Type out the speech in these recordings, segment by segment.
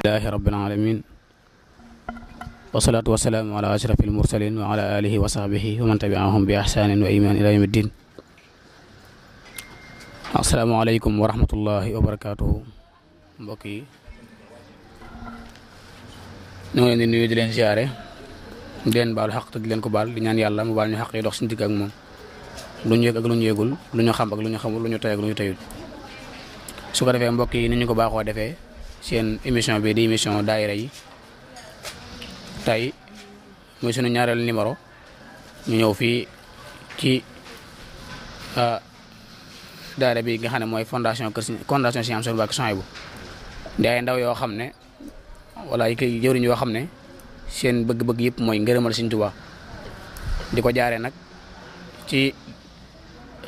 alhamdulilahi rabbil alamin wasalaatu wasalaamu ala ashrafil mursalin wa ala alihi wa sahbihi wa man tabiahum bi ihsanin wa iman ila yawmi ddin asalaamaaleykum wa rahmatullahi wa barakaatuhu mbokk yi ñu ngi leen di nuyu leen ko baal di ñaan yàlla mu baal ñu xaq lu ñu lu ñu yëgul lu ñu xam ak lu ñu xamul lu ñu tey ak lu ñu teyul su ko defee mbokk yi ni ñu ko baaxoo defee seen émission bi di émission daayira yi tey muy sunu ñaareelu numéro ñu ñëw fii ci ah, daayira bi nga xam ne mooy fondation kër fondation Serigne Amsatou Mbacké Souhaïbou di ay ndaw yoo xam ne wala ay kay jëwriñ yoo xam ne seen bëgg-bëgg yëpp mooy ngërëmal Serigne Touba di ko jaaree nag ci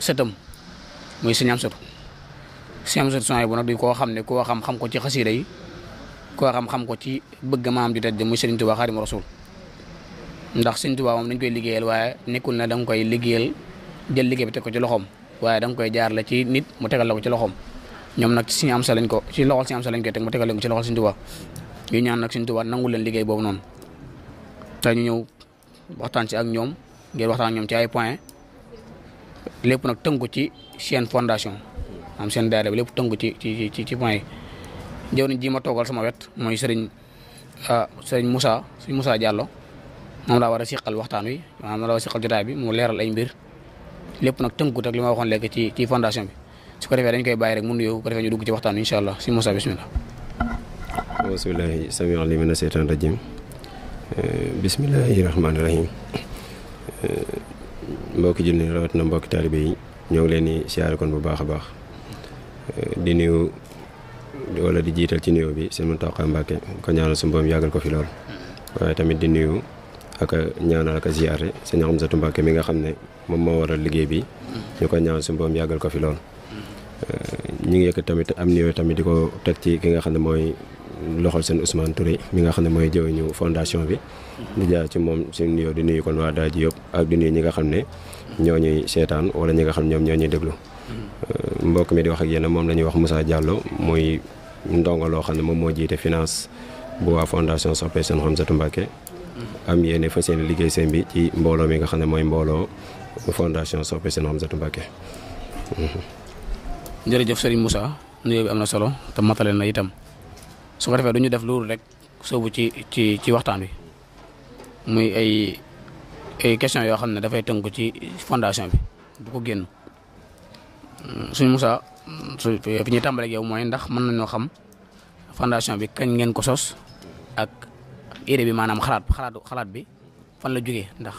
sëtam muy Serigne Amsatou Cheikh Moussa Sonia bu nag di koo xam ne koo xam xam ko ci xasiida yi koo xam xam ko ci bëgg maam di tedd muy Serigne Touba Xaadimu Rasuul ndax Serigne Touba moom dañ koy liggéeyal waaye nekkul na da nga koy liggéeyal jël liggéey bi teg ko ci loxoom waaye da nga koy jaar la ci nit mu tegal la ko ci loxoom ñoom nag ci Serigne Amsa lañ ko ci loxol Serigne Amsa lañ koy teg mu tegal la ko ci loxol Serigne Touba ñu ñaan nag Serigne Touba nangul leen liggéey boobu noonu te ñu ñëw waxtaan ci ak ñoom ngir waxtaan ñoom ci ay point lépp nag tënku ci seen fondation am seen daara bi lépp tënku ci ci ci ci point yi. jëwriñ ji ma toogal sama wet mooy sëriñ ah, sëriñ musa sëriñ Moussa Diallo moom laa war a siqal waxtaan wi maanaam laa war a siqal jotaay bi mu leeral ay mbir lépp nag tënkut ak li ma waxoon léegi ci ci fondation bi su ko defee dañ koy bàyyi rek mu nuyoo bu ko defee ñu dugg ci waxtaan wi incha allah si Moussa bisimilah. bisimilah sami ali mina seytaan rajim eh, bisimilahi rahmaani rahim eh, mbokki julli rawat na mbokki taalibe yi ñoo ngi leen di siyaare kon bu baax a di nuyu wala di jiital ci nuyoo bi sëñ Mountakha Mbacké ko ñaanal suñu boom yàggal ko fi lool waaye tamit di nuyu ak ñaanal ak ziyaare sëñ Hamzatou Mbacké mi nga xam ne moom moo war a liggéey bi ñu ko ñaan suñu boom yàggal ko fi lool ñu ngi yëkkat tamit am nuyoo tamit di ko teg ci ki nga xam ne mooy loxol seen Ousmane Touré mi nga xam ne mooy jëwriñu fondation bi di jaar ci moom seen nuyoo di nuyu kon waa daa ji yëpp ak di nuyu ñi nga xam ne ñoo ñuy seetaan wala ñi nga xam ñoom ñoo ñuy déglu Euh, mbokk mi di wax ak yenn moom la ñuy wax Moussa Diallo muy ndongo loo xam ne moom moo jiite finance bu waa fondation Soppe Sëñ Hamsatou Mbacké am yéene fas yéene liggéey seen bi ci mbooloo mi nga xam ne mooy mbooloo fondation Soppe Sëñ Hamsatou Mbacké. Mhm. jërëjëf Serigne Moussa nuyoo bi am na solo te matale na itam su ko defee du ñu def loolu rek soobu ci ci ci waxtaan wi muy ay ay questions yoo xam ne dafay tënku ci fondation bi du ko génn. suñ Moussa su fi ñu tàmbale ak yow mooy ndax mën nañoo xam fondation bi kañ ngeen ko sos ak idée bi maanaam xalaat xalaat xalaat bi fan la jógee ndax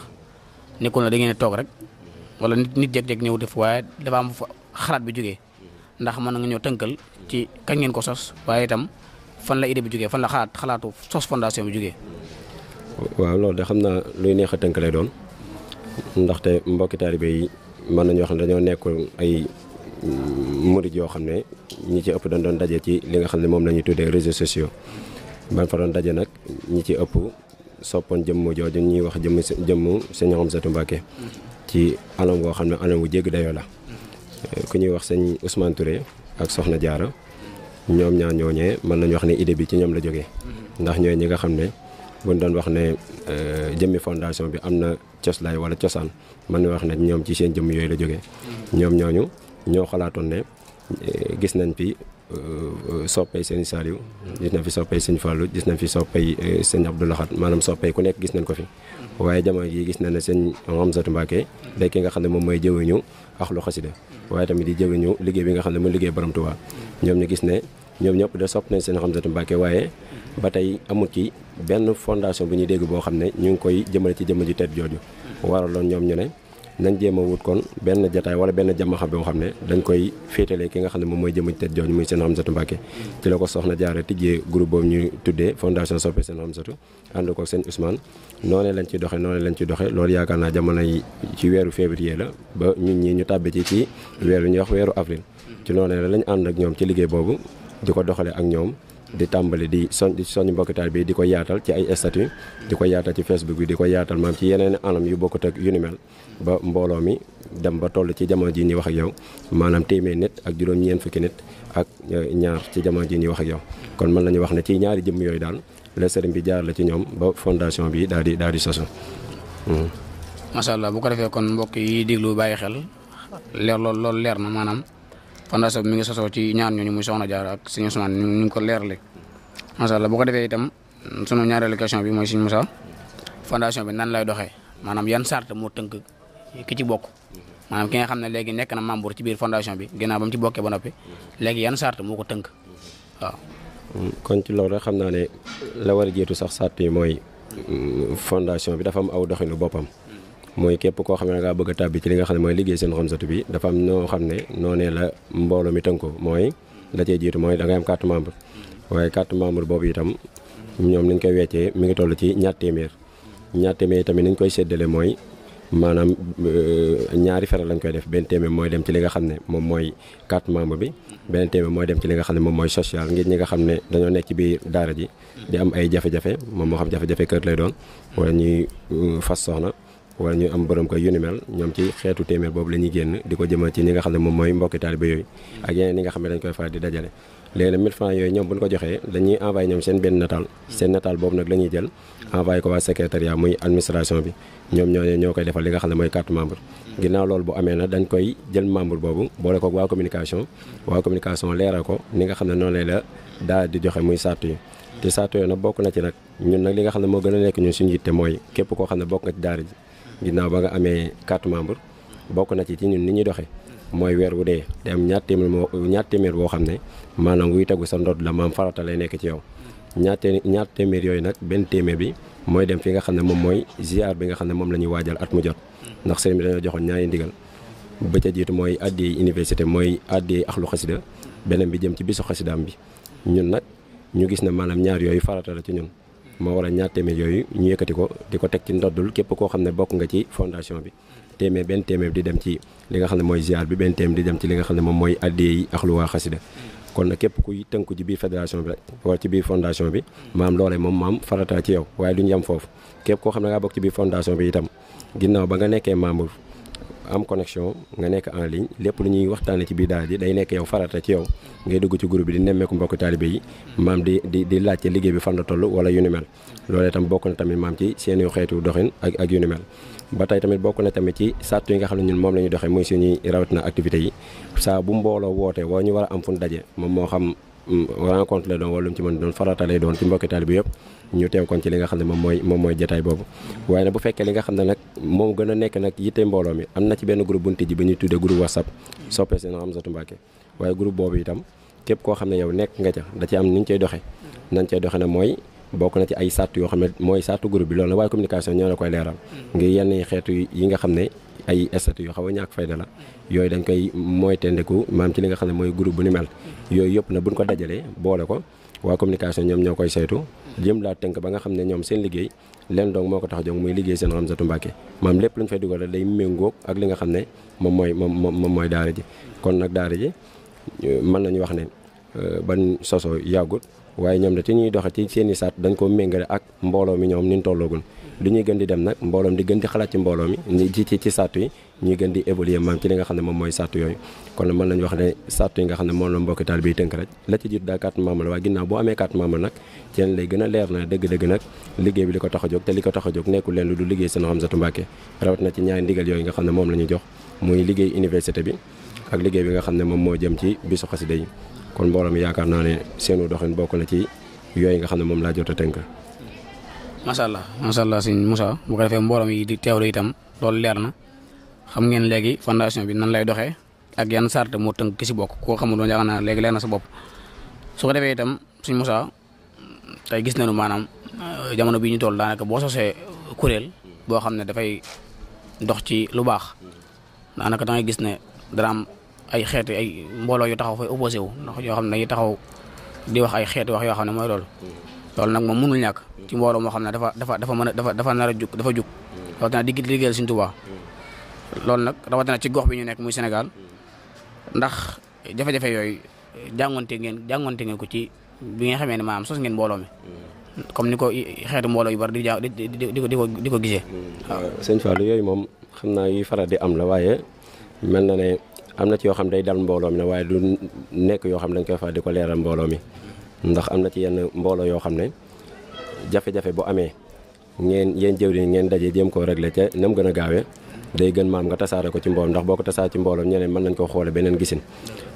nekkul na da ngeen toog rek wala nit nit jékki-jékki ñëw def waaye dafa am xalaat bi jógee ndax mën nga ñoo tënkal ci kañ ngeen ko sos waaye itam fan la idée bi jógee fan la xalaat xalaatu sos fondation bi jóge waaw loolu de xam naa luy neex a tënk doon ndaxte mbokki taalibe yi mën nañoo xam ne dañoo nekku ay. murid yoo xam ne ñi ci ëpp dañ doon daje ci li nga xam ne moom la ñuy tuddee réseaux sociaux ban fa doon daje nag ñi ci ëpp soppoon jëmm jooju ñuy wax jëmm jëmm sëñ Amsatu Mbàkke ci anam goo xam ne anam wu jégg dayoo la ku ñuy wax sëñ Ousmane ak Soxna Jaara ñoom ñaar ñooñee man nañu wax ne idée bi ci ñoom la jógee ndax ñooy ñi nga xam ne buñ doon wax ne euh, jëmmi fondation bi am na coslaay wala cosaan mën na wax ne ñoom ci seen jëmm yooyu la jógee ñoom ñooñu ñoo xalaatoon ne eh, gis nañ fi euh, euh, soppay sëñ Saliou gis nañ fi soppay sëñ Fallou gis nañ fi soppay eh, sëñ Abdou Lahad maanaam soppay ku nekk gis nañ ko fi waaye jamono jii gis nañ ne sëñ Amsatou Mbacké day ki nga xam ne moom mooy jëwriñu axlu xasida waaye tamit di jëwriñu liggéey bi nga xam ne mu liggéey borom Tuubaa ñoom ñu gis ne ñoom ñëpp de sopp nañ sëñ Amsatou Mbacké waaye ba tey amul ci benn fondation bu ñuy dégg boo xam ne ñu ngi koy jëmale ci jëmm ji tedd jooju waraloon ñoom ñu nañ jéem a wut kon benn jataay wala benn jàmm xam boo xam ne dañ koy féetalee ki nga xam ne moom mooy jëmm ci tëdd muy seen Hamsatu Mbàkke ci la ko soxna jaare tijjee groupe boobu ñu tuddee fondation soppe seen Hamsatu ànd ko seen Ousmane noonee lañ ciy doxe noonee lañ ciy doxe loolu yaakaar naa jamono yi ci weeru février la ba ñun ñi ñu tàbbi ci ci weeru ñuy wax weeru avril ci noonee la lañ ànd ak ñoom ci liggéey boobu di ko doxalee ak ñoom di tàmbali di soñ di soñ mbokki taalibe bi di ko yaatal ci ay statut di ko yaatal ci Facebook bi di ko yaatal maam ci yeneen anam yu bokkut ak yu ni mel ba mbooloo mi dem ba toll ci jamono ji ni wax ak yow maanaam téeméer nit ak juróom-ñeent fukki nit ak e, ñaar ci jamono ji ni wax ak yow kon mën nañu wax na ci ñaari jëmm yooyu daal la sëriñ bi jaar la ci ñoom ba fondation bii daal di daal di sosu. Hmm. macha allah bu ko defee kon mbokk yi déglu bàyyi xel leer lool lool leer na maanaam. fondation bi mi ngi sosoo ci ñaar ñooñu muy Soxna Jaara ak Sëñ Ousmane ñu ko leerle macha allah bu ko defee itam sunu ñaareelu question bi mooy Sëñ Moussa fondation bi nan lay doxee maanaam yan sart moo tënk ki ci bokk maanaam ki nga xam ne léegi nekk na membre ci biir fondation bi ginnaaw ba mu ci bokkee ba noppi léegi yan sart moo ko tënk waaw. Mm, kon ci loolu xam naa ne la war a sax sart yi mooy mm, fondation bi dafam aw doxinu boppam. mooy képp koo xam ne dangaa bëgg a tàbbi ci li nga xam ne mooy liggéey seen xamsatu bi dafa am noo xam ne noonee la mbooloo mi tënko mooy la cee jiitu mooy da am carte membre waaye carte membre boobu itam ñoom niñ koy weccee mi ngi toll ci ñaar téeméer ñaar téeméer tamit niñ koy séddale mooy maanaam euh, ñaari fere lañ koy def benn téeméer mooy dem ci li nga xam ne moom mooy carte membre bi benn téeméer mooy dem ci li nga xam ne moom mooy social ngir ñi nga xam ne dañoo nekk ci biir daara ji di am ay jafe-jafe moom moo xam jafe-jafe kër lay doon wala ñuy euh, fas soxna wala ñu am borom kër yu ni mel ñoom ci xeetu téeméer boobu la ñuy génn di ko jëmal ci ñi nga xam ne moom mooy mbokki taalibe yooyu ak yeneen ñi nga xam ne dañ koy faral di dajale léegi nag 1000 francs yooyu ñoom bu ñu ko joxee dañuy envoyé ñoom seen benn nataal seen nataal bi ñoom ñoo ñoo koy defal li nga xam ne mooy carte membre ginnaaw loolu bu amee dañ koy jël membre boobu boole ko waa communication communication leeral ko ni nga xam ne noonu lay la di joxe muy sart yi te sart yooyu nag bokk na ci nag ñun nag li nga xam ne moo gën a nekk ñun suñu yitte mooy képp koo xam ne bokk nga ci daara ji ginnaaw ba nga amee carte membre bokk na ci ci ñun ni ñuy doxee mooy weer wu dee dem ñaar téeméer moo ñaar téeméer boo xam ne maanaam wuy tegu sa ndodd la maam farata lay nekk ci yow ñaar ñaar téeméer yooyu nag benn téeméer bi mooy dem fi nga xam ne moom mooy ziar bi nga xam ne moom la ñuy waajal at mu jot ndax sëriñ bi dañoo joxoon ñaari ndigal ba ca jiitu mooy addiyey université mooy addiyey axlu xasida beneen bi jëm ci bisu xasidaam bi ñun nag ñu gis ne maanaam ñaar yooyu farata la ci ñun moo waral ñaar téeméer yooyu ñu yëkkati ko di ko teg ci ndoddul képp koo xam ne bokk nga ci fondation bi téeméer benn téeméer di dem ci li nga xam ne mooy ziar bi benn téeméer di dem ci li nga xam ne moom mooy addiyee yi ak lu waa xasida kon nag képp kuy tënku ci biir fédération bi rek wala ci biir fondation bi maam loole moom maam farata ci yow waaye duñu yem foofu képp koo xam ne ngaa bokk ci biir fondation bi itam ginnaaw ba nga nekkee membre am connexion nga nekk en ligne lépp lu ñuy waxtaane ci biir daal ji day nekk yow farata ci yow ngay dugg ci groupe bi di nemmeeku mbokk taalibe yi maam di di di laajte liggéey bi fan toll wala yu ni mel loolee tam bokk na tamit maam ci seen yu doxin ak ak yu ni mel ba tey tamit bokk na tamit ci sàtt yi nga xam ne ñun moom la ñuy doxee muy suñuy rawatina activités yi saa bu mbooloo wootee waa ñu war a am fu ñu daje moom moo xam mm, rencontre la doon wala lu mu ci mën doon farata lay doon ci mbokki taalibe yëpp ñu teew kon ci li nga xam ne moom mooy moom mooy jataay boobu waaye nag bu fekkee li nga xam ne nag moom gën a nekk nag yitte mbooloo mi am na ci benn group bu ñu ñuy tuddee groupe whatsapp soppe seen Amsatou Mbacke waaye groupe boobu itam képp koo xam ne yow nekk nga ca da ci am ni ñu cey doxe nañ cey doxe na mooy bokk na ci ay sàtt yoo xam ne mooy sàttu groupe bi loolu na ñoo koy leeral mm. ngir yenn xeetu yi nga xam ne ay statut yoo xaw a ñàkk fayda la yooyu dañ koy mooy maam ci li nga xam ne mooy groupe bu ni mel mm. yooyu yëpp na buñ ko dajalee boole ko waa communication ñoom ñoo koy saytu jëm laa tënk ba nga xam ne ñoom seen liggéey leen donc moo ko tax jóg muy liggéey seen Ramsatu Mbàkke maam lépp lu ñu fa dugal rek day méngoog ak li nga xam ne moom mooy moom moom mooy daara ji kon nag daara ji euh, mën nañu wax ne euh, ban soso yàggut waaye ñoom da te ñuy doxe ci seen i saat dañ ko méngale ak mbooloo mi ñoom niñ tolloogul lu ñuy gën di dem nag mbooloom di gën di xalaat ci mbooloo mi ñi ci ci ci sàttu yi ñuy gën di évoluer maam ci li nga xam ne moom mooy sàttu yooyu kon mën nañu wax ne sàttu yi nga xam ne moom la mbokki taal bi tënk rek la ci jiit daa carte membre la waaye ginnaaw boo amee carte membre leen lay gën a a jóg te li a jóg nekkul leen lu du liggéey seen Hamzatou Mbacké nga xam ne moom la ñu jox bi ak liggéey bi nga yaakaar naa ne seenu doxin bokk na ci yooyu nga xam ne moom laa jot a tënk macha allah macha allah sëñ Moussa bu ko defee mbooloom yi di teewlu itam loolu leer na xam ngeen léegi fondation bi nan lay doxee ak yan sart moo tënk ki si bokk koo xamul woon yaakaar naa léegi leer na sa bopp. su ko itam sëñ Moussa tey gis nañu maanaam euh, jamono bii ñu tol daanaka boo sosee kuréel boo xam ne dafay dox ci lu baax daanaka da ngay gis ne dana ay xeet ay mbooloo yu taxaw fay opposé wu ndax yoo xam ne dañuy taxaw di wax ay xeeti wax yoo xam ne mooy lool loolu nag moom mënul ñàkk ci mbooloo moo xam ne dafa dafa dafa mën a dafa dafa nar a jug dafa jug rawatina di liggéeyal Sëriñ Tuubaa loolu nag rawatina ci gox bi ñu nekk muy Sénégal ndax jafe-jafe yooyu jàngonte ngeen jàngonte ngeen ko ci bi nga xamee ne am sos ngeen mbooloo mi comme ni ko xeetu mbooloo yu bari di ja di di ko di ko gisee. waaw euh, sëñ Fallou yooyu moom xam naa yuy faral di am la waaye mel na ne am na ci yoo xam day dal mbooloo mi waaye du nekk yoo xam dañ koy faral di ko leeral mbooloo mi. ndax am na ci yenn mbooloo yoo xam ne jafe-jafe bu amee ngeen yéen jëwriñ ngeen daje jéem koo réglé ca na mu gën a gaawee day gën maam nga tasaare ko ci mbooloo ndax boo ko tasaare ci mbooloo ñeneen mën nañ koo xoole beneen gisin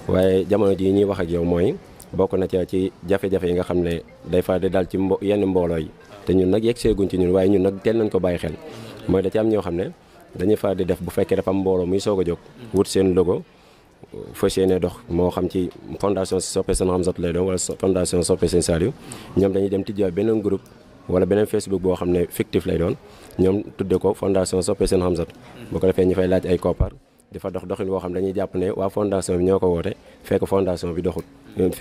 waaye jamono jii ñuy wax ak yow mooy bokk na ca ci jafe-jafe yi nga xam ne day fa di dal ci yenn mbooloo yi te ñun nag yegg seeguñ ci ñun waaye ñun nag teel nañ ko bàyyi xel mooy da ci am ñoo xam ne dañuy fa di def bu fekkee dafa am mbooloo muy soog a jóg wut seen logo fas yéene dox moo xam ci fondation soppe seen Hamzat lay doon wala fondation soppe seen ñoom dañuy dem tijjaa beneen groupe wala beneen Facebook boo xam ne fictif lay doon ñoom tudde ko fondation soppe seen boo ko defee ñu fay laaj ay koppar di fa dox doxin woo xam dañuy jàpp ne waa fondation bi ñoo ko woote fekk fondation bi doxut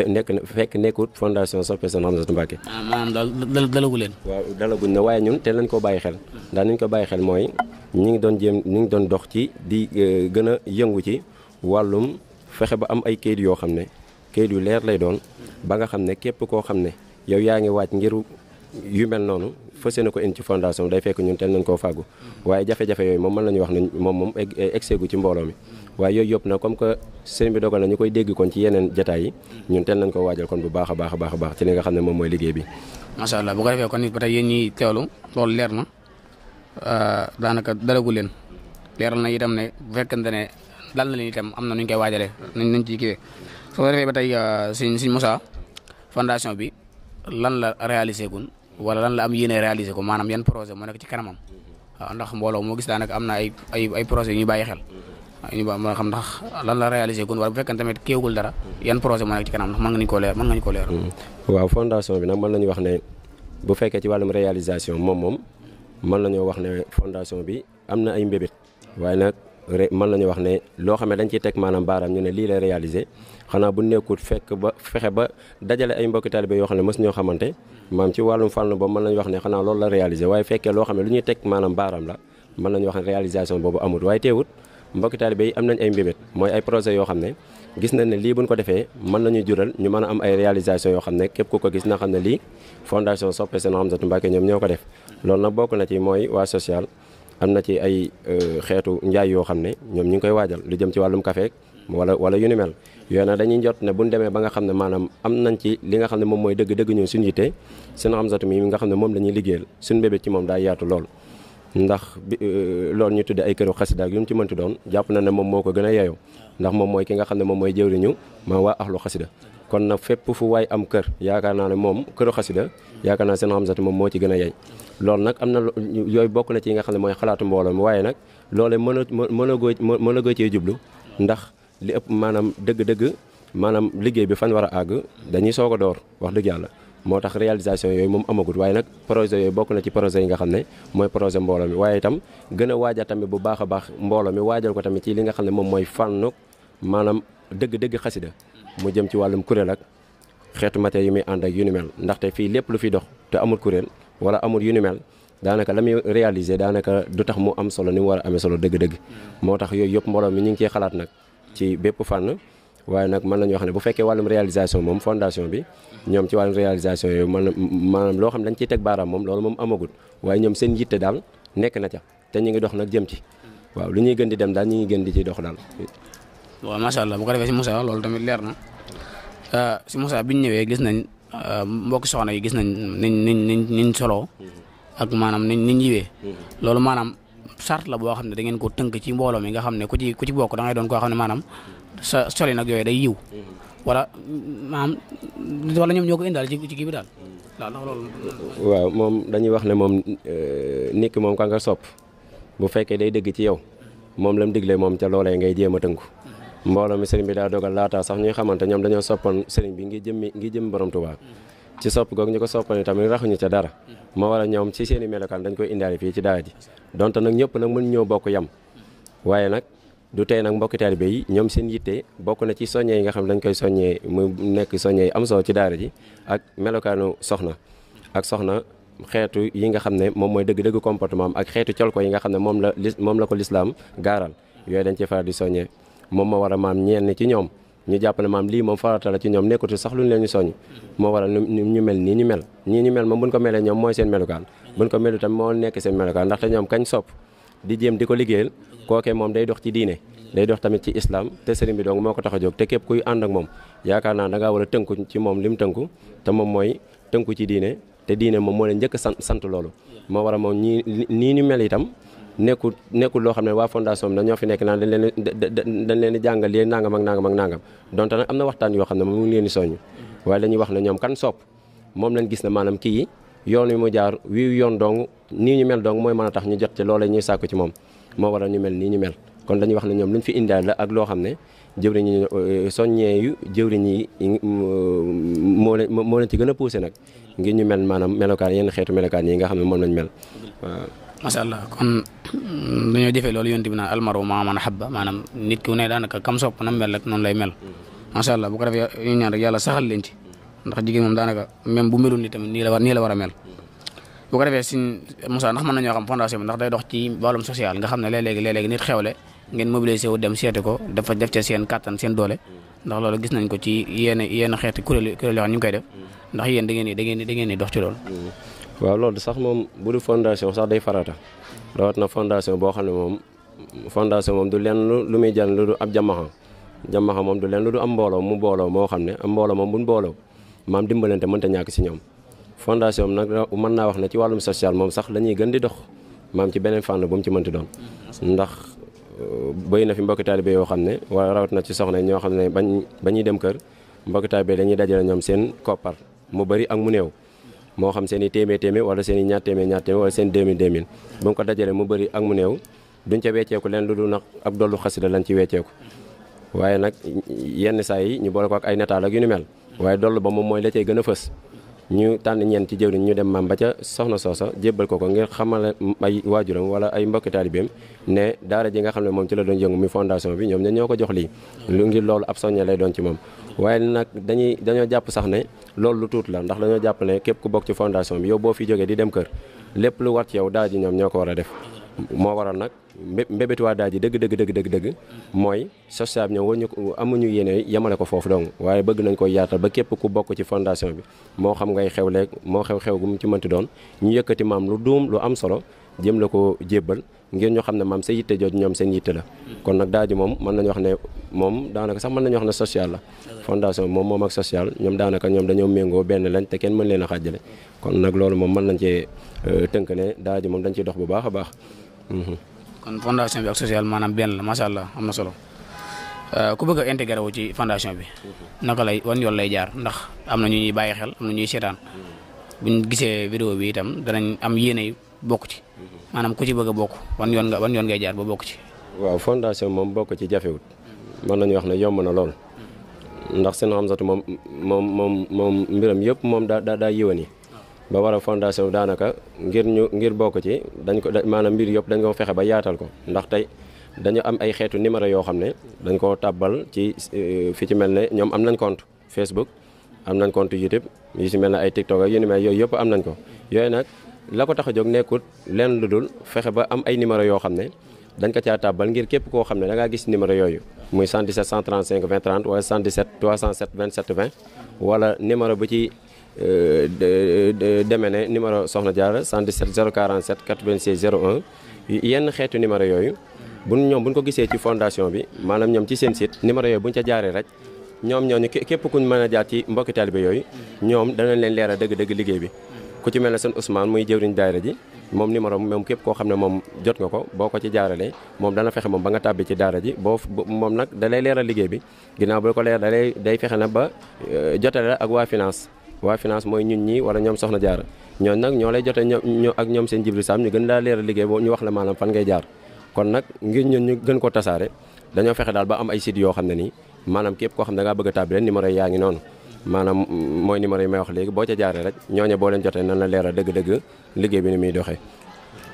nekk fekk nekkut fondation soppe seen Hamzat Mbàkke ah, maanaam daal dalagu leen waaw dalaguñ na waaye ñun te lañ ko bàyyi xel ndax niñ ko bàyyi xel mooy ñi ngi doon jéem ñi ngi doon dox ci di euh, gën a yëngu ci wàllum fexe ba am ay kayit yoo xam ne kayit yu leer lay doon ba nga xam ne képp koo xam ne yow yaa ngi waaj ngir yu mel noonu fësee na ko indi ci fondation day fekk ñun teel nañ koo fàggu waaye jafe-jafe yooyu moom mën nañu wax ne moom moom excès eh, gu ci mbooloo mi waaye yooyu yëpp na comme que sëriñ bi dogal na ñu koy dégg kon ci yeneen jataay yi ñun teel nañ ko waajal kon bu baax a baax baax a baax ci li nga xam ne moom mooy liggéey bi macha allah bu ko defee kon nit ba tey yéen ñiy teewlu loolu leer na euh, daanaka dalagu leen leeral lan la leen itam am na nuñ ñu koy waajalee nañ nañ ciy kiiwee soo ko defee ba tey ah, sëñ fondation bi lan la réalisé gun wala lan la am yéene réalisé ko maanaam yan projet moo nekk ci kanamam ah, ndax mbooloo moo gis daanaka am na ay ay ay projets yu ñuy xel ah, ñu ba mën xam ndax lan la réalisé gun wala bu fekkee tamit kéewul dara yan projet moo nekk ci kanam ndax mën nga ñu koo leer mën nga ñu koo hmm. waaw fondation bi nag mën nañu wax ne bu fekkee ci wàllum réalisation moom moom mën nañoo wax ne fondation bi am na ay mbébét waaye nag mën nañu wax ne loo xam ne dañ ciy teg maanaam baaraam ñu ne lii lay réalisé xanaa bu nekkut fekk ba fexe ba dajale ay mbokki taalibe yoo xam ne mës ñoo xamante maam ci wàllum fànn boobu mën nañu wax ne xanaa loolu la réalisé waaye fekkee loo xam ne lu ñuy teg maanaam baaraam la mën nañu wax ne réalisation boobu amut waaye teewut mbokki taalibe yi am nañ ay mbébét mooy ay projet yoo xam ne gis nañ ne lii bu ñu ko defee mën nañu jural ñu mën a am ay réalisation yoo xam ne képp ku ko gis na xam ne lii fondation Soppe Serigne Hamsatou Mbacké ñoom ñoo ko def loolu nag bokk na ci mooy waa social am na ci ay euh, xeetu njaay yoo xam ne ñoom ñu ngi koy waajal lu jëm ci wàllum café wala wala yu ni mel yooyu nag dañuy jot ne buñ demee ba nga xam ne maanaam am nañ ci li nga xam ne moom mooy dëgg-dëgg ñun suñu yitte seen Hamzatou mi nga xam ne moom la ñuy liggéeyal suñu bébé ci moom daay yaatu lool ndax euh, loolu ñu tudde ay këru xasida ak yu mu ci mënti jàpp na ne moom moo ko gën a yeyoo ndax moom mooy ki nga xam ne moom mooy jëwriñu ma waa axlu xasida kon nag fépp fu waay am kër yaakaar naa ne moom këru xasida yaakaar naa seen xamsatu moom moo ci gën a yey loolu nag am na yooyu bokk na ci yi nga xam ne mooy xalaatu mbooloo waaye nag loole mën a mën a goo mën a goo cee jublu ndax li ëpp maanaam dëgg maanaam liggéey bi fan war a àgg dañuy soog a door wax dëgg yàlla moo tax réalisation yooyu moom amagut waaye projet yooyu bokk na ci projet yi nga xam ne mooy projet mbooloo mi waaye itam gën a waajal tamit bu baax a baax mbooloo mi waajal ko tamit ci li nga xam ne moom mooy fànn maanaam dëgg-dëgg xasida mu jëm ci wàllum kuréel ak xeetu matériel yu muy ànd ak yu ni mel ndaxte fii lépp lu fi dox te amul kuréel wala amut yu ni mel daanaka la muy réaliser daanaka du tax mu am solo ni mu war a amee solo dëgg-dëgg. moo tax yooyu yëpp mbooloo mi ñu ngi koy xalaat nag ci bépp fànn. waaye nag mën nañu wax ne bu fekkee wàllum réalisation moom fondation bi ñoom ci wàllum réalisation yooyu man maanaam loo xam ne dañ ciy teg baaraam moom loolu moom amagut waaye ñoom seen daal nekk na ca te ñu ngi dox nag jëm ci waaw lu ñuy gën di dem daal ñu ngi gën di ci dox daal waaw macha allah bu ko defee si Moussa loolu tamit leer na ah, si Moussa bi ñu ñëwee gis na ah, mbokki soxna yi gis nañ niñ niñ niñ niñ soloo ak maanaam niñ niñ yiwee loolu maanaam sart la boo xam ne da ngeen ko tënk ci mbooloo mi nga xam ne ku ci ku ci bokk da doon koo xam ne maanaam sa soli nag yooyu day yiw wala maanaam wala ñoom ñoo ko indaal ci ci kii bi daal waaw moom dañuy wax ne moom eh, nit ki moom ka nga bu fekkee day dëgg ci yow moom la digle moom ca loolee ngay jéem a tënku mbooloo mi sëriñ bi daa dogal laataa sax ñuy xamante ñoom dañoo soppoon sëriñ bi ngi jëmmi ngi jëm borom Tuubaa ci sopp googu ñu ko soppani tamit raxuñu ca dara moo war a ñoom ci seen i melokaan dañ koy indaale fii ci daara ji donte nag ñëpp nag mën ñëw bokk yam waaye nag du tey nag mbokki taalibe yi ñoom seen yitte bokk na ci soññee yi nga xam ne dañ koy soññee mu nekk soññee yi am soo ci daara ji ak melokaanu soxna ak soxna xeetu yi nga xam ne moom mooy dëgg-dëgg comportement ak xeetu col yi nga xam ne moom moom la ko lislaam gaaral yooyu dañ ci faral di soññee moom ma war a maam ñenn ci ñoom ñu jàpp maam lii moom farata la ci ñoom nekkutu sax luñ leen ñu soññ moo waral ñu mel nii ñu mel nii ñu mel moom buñ ko melee ñoom mooy seen melukaan buñ ko melu tamit moo nekk seen melukaan ndaxte ñoom kañ sopp di jéem di ko liggéeyal kookee moom day dox ci diine day dox tamit ci islaam te sëriñ bi donc moo ko tax a jóg te képp kuy ànd ak moom yaakaar naa da ngaa war a tënku ci moom li mu tënku te moom mooy tënku ci diine te diine moom moo leen njëkk sant sant loolu moo waral moom ñii nii ñu mel itam nekkul nekkul loo xam ne waa fondation bi fi nekk naan dañ leen dañ leen di nangam ak nangam ak nangam donte nag am na waxtaan yoo xam ne mu ngi leen di soññ waaye dañuy wax ne ñoom kan sopp moom lañ gis ne maanaam kii yoon wi mu jaar wii yoon dong nii ñu mel dong mooy mën a tax ñu jot ci loola ñuy sàkku ci moom moo waral ñu mel nii ñu mel kon dañuy wax ne ñoom luñ fi indaal la ak loo xam ne jëwriñ yi euh, soññee yu jëwriñ yi euh, moo leen moo leen ci gën a poussé nag ngir ñu mel maanaam melokaan yenn xeetu melokaan yi nga xam ne moom lañ mel macha allah kon dañoo jëfee loolu yonent bi naan almaru maa man habba maanaam nit ku ne daanaka kam sopp na mel rek noon lay mel macha allah bu ko defee yàlla saxal leen ci ndax jigéen moom daanaka même bu melul ni tamit nii la war nii a ko defee suñ Moussa ndax mën nañoo xam fondation ndax day dox ci wàllum social nga xam ne léeg-léeg léeg-léeg nit xewle ngeen mobiliser wu dem seeti ko seen doole ndax loolu gis nañ ko ci yenn yenn xeeti kuréel kuréel yoo xam ñu koy def ndax yéen da ngeen di da ngeen di da ngeen di dox ci loolu waaw loolu sax moom bu du fondation sax day farata rawat na fondation boo xam ne moom fondation moom du lenn lu muy jël lu du ab jamaxa jamaxa moom du lenn lu du am mbooloo mu mbooloo moo xam ne am mbooloo moom buñ mbooloo maam dimbalante mënta ñàkk si ñoom fondation nag mën naa wax na ci wàllum social moom sax la ñuy gën di dox maam ci beneen fànn bu mu ci mënti doon ndax euh, bëy na fi mbokki taalibe yoo xam ne wala rawat na ci soxna ñoo xam ne bañ ba ñuy dem kër mbokki taalibe dañuy dajale ñoom seen koppar mu bëri ak mu néew moo xam seen i téeméer téeméer wala seen i ñaar téeméer ñaar téeméer wala seen 2000 2000 bu ñu ko dajalee mu bëri ak mu néew duñ ca wecceeku leen lu du nag ab dollu xasida lañ ci wecceeku waaye nag yenn saa yi ñu boole ko ak ay nataal ak yu ni mel waaye dollu ba moom mooy la cay gën a fës ñu tànn ñeen ci jëw jëwriñ ñu dem maam ba ca soxna soosa jébbal ko ko ngir xamal ay waajuram wala ay mbokki taalibeem ne daara ji nga xam ne moom ci la doon yëngu mi fondation bi ñoom ña ñoo ko jox lii lu ngir loolu ab soññe lay doon ci moom waaye nag dañuy dañoo jàpp sax ne loolu lu tuut la ndax dañoo jàpp ne képp ku bokk ci fondation bi yow boo fi jógee di dem kër lépp lu war ci yow daara ji ñoom ñoo ko war a def moo waral nag mbébétu waa daal ji dëgg dëgg dëgg dëgg dëgg mooy sociable ñoom wañu amuñu yéene yemale ko foofu donc waaye bëgg nañ ko yaatal ba képp ku bokk ci fondation bi moo xam ngay xew leeg moo xew-xew mu ci mënti doon ñu yëkkati lu duum lu am solo jëm la ko jébbal ngir ñoo xam ne maam sa yitte jooju ñoom seen yitte la kon nag daal ji mën nañu wax ne moom daanaka sax mën nañu wax ne social la fondation moom moom ak social ñoom daanaka ñoom dañoo méngoo benn lañ te kenn mën leen a xàjjale kon nag loolu moom mën nañ cee euh, tënk ne daal moom dañ ciy dox bu baax a baax kon fondation bi ak social maanaam benn la macha allah am na solo euh, ku bëgg a intégré wu ci fondation bi. naka lay wan yoon lay jaar ndax am na ñu ñuy bàyyi xel am na ñuy seetaan buñ gisee vidéo bi itam danañ am yéenay bokk ci maanaam ku ci bëgg a bokk wan yoon nga wan yoon ngay jaar ba bokku ci. waaw fondation moom bokk ci jafewut mën nañu wax ne yomb na lool ndax seen xam-xam moom moom moom moom mbiram yëpp moom daa daa yi ba war a fondation daanaka ngir ñu ngir bokk ci dañ ko maanaam mbir yëpp dañ ko fexe ba yaatal ko ndax tey dañu am ay xeetu numéro yoo xam ne dañ koo tàbbal ci euh, fi ci mel ne ñoom am nañ compte Facebook am nañ compte YouTube yi si mel ne ay TikTok ak yu ni yooyu yëpp am nañ ko yooyu nag la tax a jóg nekkut lenn lu dul fexe ba am ay numéro yoo xam ne dañ ko caa tàbbal ngir képp koo xam ne da ngaa gis numéro yooyu muy 77 135 20 30 wala 77 307 27 20 wala numéro ci Euh, demene numéro Soxna Diarra 117 047 96 01 yenn xeetu numéro yooyu bu ñoom bu ñu ko gisee ci fondation bi maanaam ñoom ci seen site numéro yooyu buñ ca jaaree rek ñoom ñooñu képp kuñ mën a jaar ci mbokki taalibe yooyu ñoom danañ leen leeral dëgg-dëgg liggéey bi ku ci mel ne seen Ousmane muy jëwriñ daayira ji moom numéro moom képp koo xam ne moom jot nga ko boo ko ci jaaralee moom dana fexe moom ba nga tàbbi ci daara ji boo moom nag da lay leeral liggéey bi ginnaaw bu ko leer da day fexe na ba euh, jotale la ak waa finance waa finance mooy ñun ñi wala ñoom soxna jaar ñoo nag ñoo lay jote ñoo ak ñoom seen Jibril Sam ñu gën laa leer liggéey boo ñu wax la maanaam fan ngay jaar kon nag ngir ñun ñu gën ko tasaare dañoo fexe daal ba am ay sites yoo xam ne nii maanaam képp koo xam ne dangaa bëgg a tàbbi leen yaa ngi noonu maanaam mooy numéro yi may wax léegi boo ca jaaree rek ñooñe boo leen jotee nan la leeral dëgg-dëgg liggéey bi ni muy doxee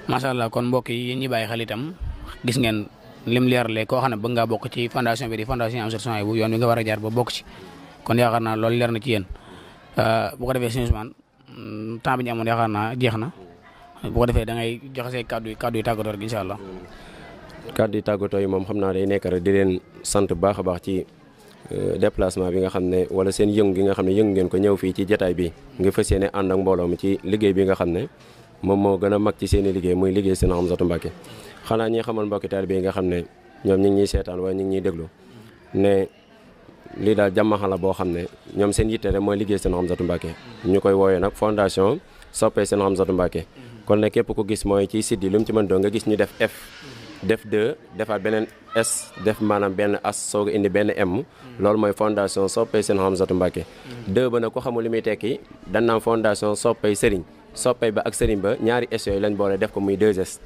macha allah kon mbokk yi ñi bàyyi xel itam gis ngeen lim leeralee koo xam ne bëgg ngaa bokk ci fondation bi di fondation Amsatou nga war a jaar ba bokk ci kon yaakaar loolu leer na ci yéen Euh, bu ko defee sëñ Ousmane mm, temps bi ñu amoon yaakaar naa jeex na bu ko defee da ngay joxe say kàddu yi kàddu yi tàggatoo rek incha allah. kàddu yi tàggatoo yi moom xam naa day nekk rek di leen sant bu baax a baax ci euh, déplacement bi nga xam ne wala seen yëngu gi nga xam ne yëngu ngeen ko ñëw fii ci jataay bi nga fas yéene ànd ak mbooloo mi ci liggéey bi nga xam ne moom moo gën a mag ci seen i liggéey muy liggéey seen Hamzatou Mbacké xanaa ñi xamal mbokki taalibe yi nga xam ne ñoom ñu ngi ñuy seetaan ngi ñuy déglu lii daal jàmmaxa la boo xam ne ñoom seen yitte mooy liggéey seen Hamzatou Mbacké ñu koy woowee nag fondation soppee seen Hamzatou Mbacké kon ne képp ko gis mooy ci site yi mu ci mën doon nga gis ñu def F def 2 defaat beneen S def maanaam benn as soog indi benn M loolu mooy fondation soppee seen Hamzatou Mbacké 2 ba nag ko xamul li muy tekki dan naam fondation soppee sëriñ soppee ba ak sëriñ ba ñaari S yooyu lañ boole def ko muy 2S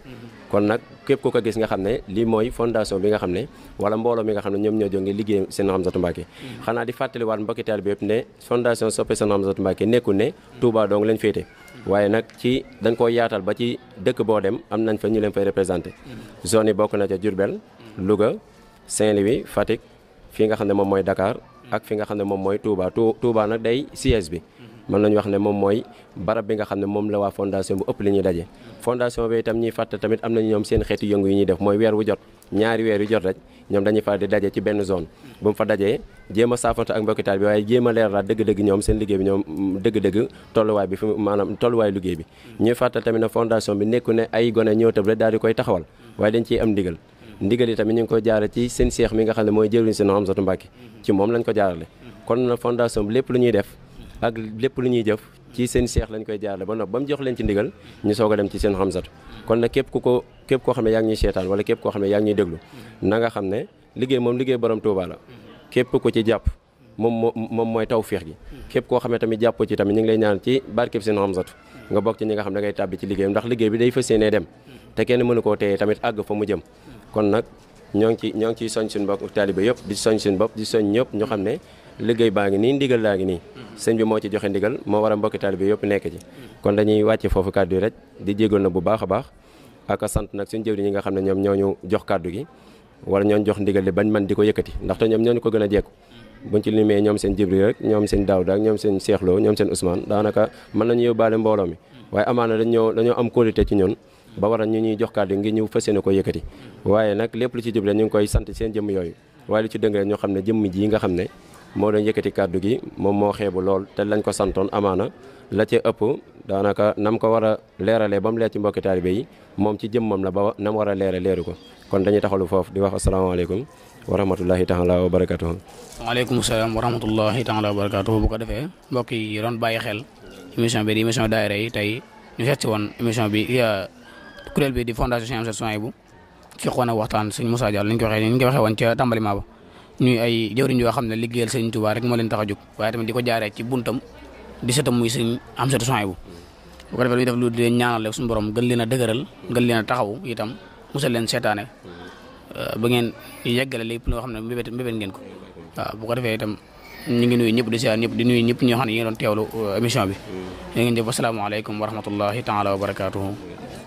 kon nag képp ku ko gis nga xam ne lii mooy fondation bi nga xam ne wala mbooloo mi nga xam ne ñoom ñoo ngi liggéey seen Hamzatou Mbacké mm. xanaa di fàttaliwaat mbokki taalibe yëpp ne fondation soppe seen Hamzatou Mbacké nekkul ne Touba dong lañ féete mm. waaye nag ci dañ koo yaatal ba ci dëkk boo dem am nañ fa ñu leen fay représenté mm. zone yi bokk na ca Diourbel Louga Saint-Louis Fatick fi nga xam ne moom mooy Dakar ak fi nga xam ne moom mooy Touba Touba day siège bi mën nañu wax ne moom mooy barab bi nga xam ne moom la waa fondation bu ëpp li ñuy daje. fondation bi itam ñuy tamit am nañu ñoom seen xeetu yëngu yi ñuy def mooy weer jot ñaari weer yu jot ñoom dañuy faral daje ci benn zone. bu mu fa dajee jéem a saafante bi waaye jéem a leeralaat dëgg-dëgg ñoom seen liggéey bi ñoom dëgg-dëgg tolluwaay bi tolluwaay liggéey bi. ñuy fàttal tamit ne fondation bi nekku ne ay gone ñëw tëb rek daal di koy taxawal waaye dañ ciy am ndigal ndigal yi tamit ñu ngi ko jaare ci seen seex mi nga xam ne mooy jëriñ seen Amsatu Mbàkke ci moom lañ ko jaarale kon na fondation bi lépp lu ñuy def ak lépp lu ñuy jëf ci seen seex lañ koy jaarle ba nopp ba mu jox leen ci ndigal ñu soog dem ci seen xamsatu kon nag képp ku ko képp koo xam ne yaa ngi ñuy seetaan wala képp koo xam ne yaa ngi ñuy déglu na nga xam ne liggéey moom liggéey borom Touba la képp ku ci jàpp moom moom mooy taw féex gi képp koo xam ne tamit jàppoo ci tamit ñu ngi lay ñaan ci barkeb seen xamsatu nga bokk ci ñi nga xam ne ngay tàbbi ci liggéeyam ndax liggéey bi day fas yéenee dem te kenn mënu koo téye tamit àgg fa kon nag ñoo ngi ci ñoo ngi ciy soñ suñu mbokk taalibe yëpp di soñ suñu bopp di soñ ñëpp ñu xam ne liggéey baa ngi nii ndigal laa ngi nii sëñ bi moo ci joxe ndigal moo war a mbokki taalibe bi yëpp nekk ci kon dañuy wàcce foofu kàddu yi rek di jégal na bu baax a baax ak a sant nag suñu jëwri ñi nga xam ne ñoom ñoo ñu jox kàddu gi wala ñoo jox ndigal li bañ man di ko yëkkati ndaxte ñoom ñoo ñu ko gën a jekku buñ ci limee ñoom seen jibri rek ñoom seen daawda ak ñoom seen seexloo ñoom seen ousmane daanaka mën nañu yóbbaale mbooloo mi waaye amaana dañoo dañoo am kóolute ci ñun ba waral ñu ñuy jox kàddu ngir ñu fas yéene ko yëkkati waaye nag lépp lu ci jub rek ñu ngi koy sant seen jëmm yooyu waaye lu ci dëng ñoo xam ne jëmm ji nga xam ne moo doon yëkkati kàddu gi moom moo xeebu lool te lañ ko santoon amaana la ca ëpp daanaka nam ko war a leeralee ba mu leer ci mbokki taalibe yi moom ci jëmmam la ba nam war a leera leeru ko kon dañuy taxalu foofu di wax asalaamaaleykum wa rahmatullahi taala wa barakatuhu waaleykum salaam wa rahmatullahi taala wa barakatuhu bu ko defee mbokk yi doon bàyyi xel émission bi di émission daayira yi tey ñu seet si woon émission bi euh, kuréel bi di fondation Cheikh Amsatou Souhaïbou ci a waxtaan Sëriñ Moussa Diallo ni ñu ko ñuy ay jëwriñ yoo xam ne liggéeyal sëriñ Tuubaa rek moo leen tax a jóg waaye tamit di ko jaaree ci buntam di sëtam muy sëriñ Amsatu Sohaybu bu ko def lu di ñaanal suñu borom gën leen a dëgëral gën leen a taxaw itam musal leen seetaane ba ngeen yeggale lépp loo xam ne mbébét mbébét ngeen ko bu ko defee itam ñu ngi nuyu ñëpp di siyaar ñëpp di nuy ñëpp ñoo xam ne ñu ngi doon teewlu uh, émission bi. ñu ngi leen di def asalaamaaleykum wa rahmatullahi wa barakaatuhu.